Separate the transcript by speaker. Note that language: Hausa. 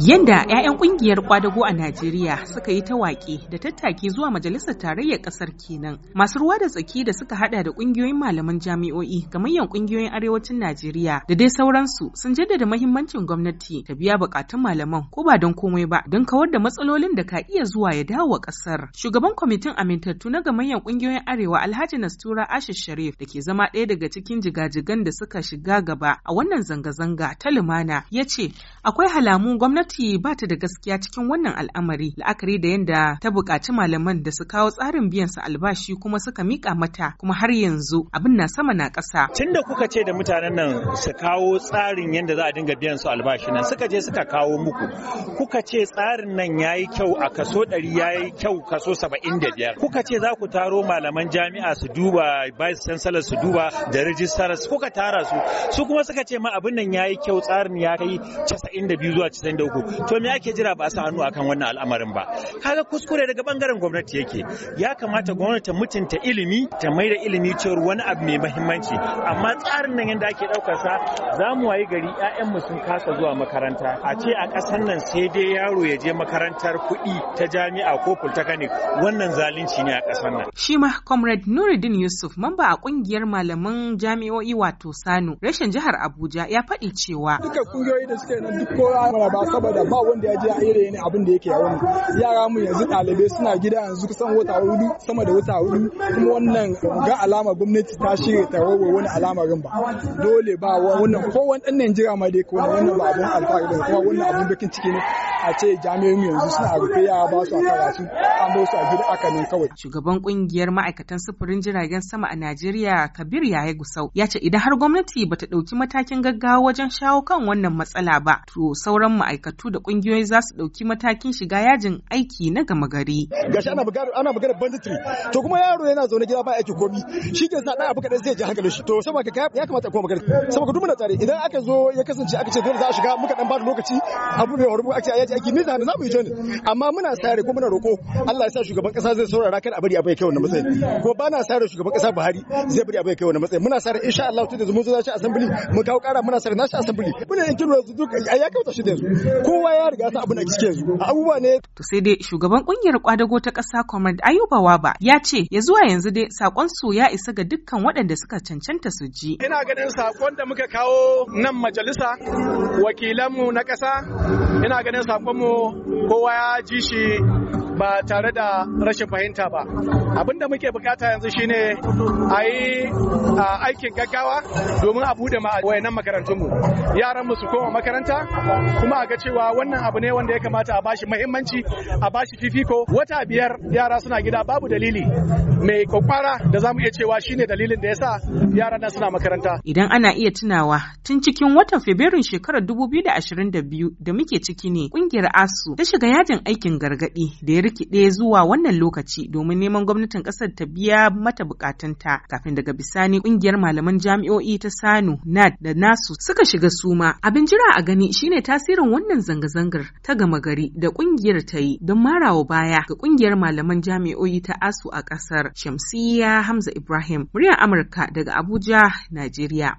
Speaker 1: Yanda 'ya'yan
Speaker 2: kungiyar kwadago a Najeriya suka yi ta waƙe da tattaki zuwa Majalisar Tarayyar Ƙasar kenan. Masu ruwa da tsaki da suka hada da ƙungiyoyin malaman jami'o'i, manyan ƙungiyoyin arewacin Najeriya da dai sauransu sun jaddada mahimmancin gwamnati ta biya bukatun malaman ko ba don komai ba don kawar da matsalolin da ka iya zuwa ya dawo wa ƙasar. Shugaban kwamitin amintattu na manyan kungiyoyin arewa Alhaji Nastura Ashish Sharif da ke zama ɗaya daga cikin jigajigan da suka shiga gaba a wannan zanga-zanga ta lumana ya ce akwai halamun gwamnati Gwamnati ba ta da gaskiya cikin wannan al'amari la'akari da yadda ta buƙaci malaman da su kawo tsarin biyan su albashi kuma suka mika mata kuma har yanzu abin na sama na ƙasa.
Speaker 3: Tun da kuka ce
Speaker 2: da mutanen nan su kawo tsarin yadda
Speaker 3: za a dinga biyan su albashi nan suka je suka kawo muku kuka ce tsarin nan ya yi kyau a kaso ɗari ya yi kyau kaso saba'in da biyar kuka ce za ku taro malaman jami'a su duba vice chancellor su duba da su kuka tara su su kuma suka ce ma abin nan ya yi kyau tsarin ya kai casa'in da biyu zuwa casa'in da uku to me ake jira ba sa hannu akan wannan al'amarin ba kaga kuskure daga bangaren gwamnati yake ya kamata gwamnati ta mutunta ilimi ta mai da ilimi cewar wani abu mai mahimmanci amma tsarin nan yadda ake daukar sa za mu wayi gari ƴaƴanmu sun kasa zuwa makaranta a ce a ƙasar nan sai dai yaro ya je makarantar kuɗi ta jami'a ko polytechnic wannan zalunci ne a ƙasar nan
Speaker 2: shi ma comrade Nuruddin Yusuf mamba a kungiyar malaman jami'o'i wato Sano rashin jihar Abuja ya faɗi cewa
Speaker 1: duka kungiyoyi da suke nan duk kowa ba abada ba wanda ya je a irin abin da yake a wani yara mu yanzu ɗalibai suna gida yanzu kusan wata hudu sama da wata hudu kuma wannan ga alama gwamnati ta shirya tarawar wani alamarin ba dole ba wannan ko wani ɗan Najeriya ma dai kowane wannan ba abin alfahari ba kuma wannan abin bakin ciki ne a ce jami'in yanzu suna rufe yara
Speaker 2: ba su a karatu an ba su a gida aka nan kawai. Shugaban kungiyar ma'aikatan sufurin jiragen sama a Najeriya Kabir Yaya Gusau ya ce idan har gwamnati ba ta ɗauki matakin gaggawa wajen shawo kan wannan matsala ba to sauran ma'aikatu da kungiyoyi za su ɗauki matakin shiga yajin aiki na gama gari. Gashi ana
Speaker 1: magana ana bugar banditry to kuma yaro yana zaune gida ba aiki komi shi ke sa ɗan abu kaɗan zai ji hankalin shi to saboda ka ya kamata ko magana saboda duk na tsare idan aka zo ya kasance aka ce dole za a shiga muka ɗan ba da lokaci abu ne wani ake a daji ake miza da zamu yi jani amma muna sare ko muna roko Allah ya sa shugaban kasa zai saurara kada a bari abai kai wannan matsayi ko ba na sare shugaban kasa Buhari zai bari abai kai wannan matsayi muna sare insha Allah tunda mun zo zaci assembly mu kawo kara muna sare nashi assembly muna in kiro duk ya kauta shi da yanzu kowa ya riga sa abin da kike yanzu
Speaker 2: abubuwa ne to sai dai shugaban kungiyar kwadago ta kasa Comrade Ayuba Waba ya ce ya zuwa yanzu dai sakon su ya isa ga dukkan waɗanda suka cancanta su ji
Speaker 4: ina ganin sakon da muka kawo nan majalisa wakilanmu na ƙasa ina ganin sakon sakonmu kowa ya ji shi ba tare da rashin fahimta ba abin da muke bukata yanzu shine a yi aikin gaggawa domin a bude wayannan makarantunmu yaran mu su koma makaranta kuma a ga cewa wannan abu ne wanda ya kamata a bashi muhimmanci a bashi fifiko wata biyar yara suna gida babu dalili mai kwakwara da zamu iya cewa shine dalilin da ya sa yara na suna makaranta
Speaker 2: idan ana iya tunawa tun cikin watan fabrairun shekarar 2022 da muke ciki ne kungiyar asu ta shiga yajin aikin gargadi da ya rikide zuwa wannan lokaci domin neman gwamnatin ƙasar ta biya mata bukatunta kafin daga bisani ƙungiyar malaman jami'o'i ta Sanu, NAD da Nasu suka shiga suma. Abin jira a gani shine tasirin wannan zanga-zangar ta gama gari da ƙungiyar ta yi don marawa baya ga ƙungiyar malaman jami'o'i ta ASU a ƙasar. Shamsiyya Hamza Ibrahim, muryar Amurka daga Abuja, Najeriya.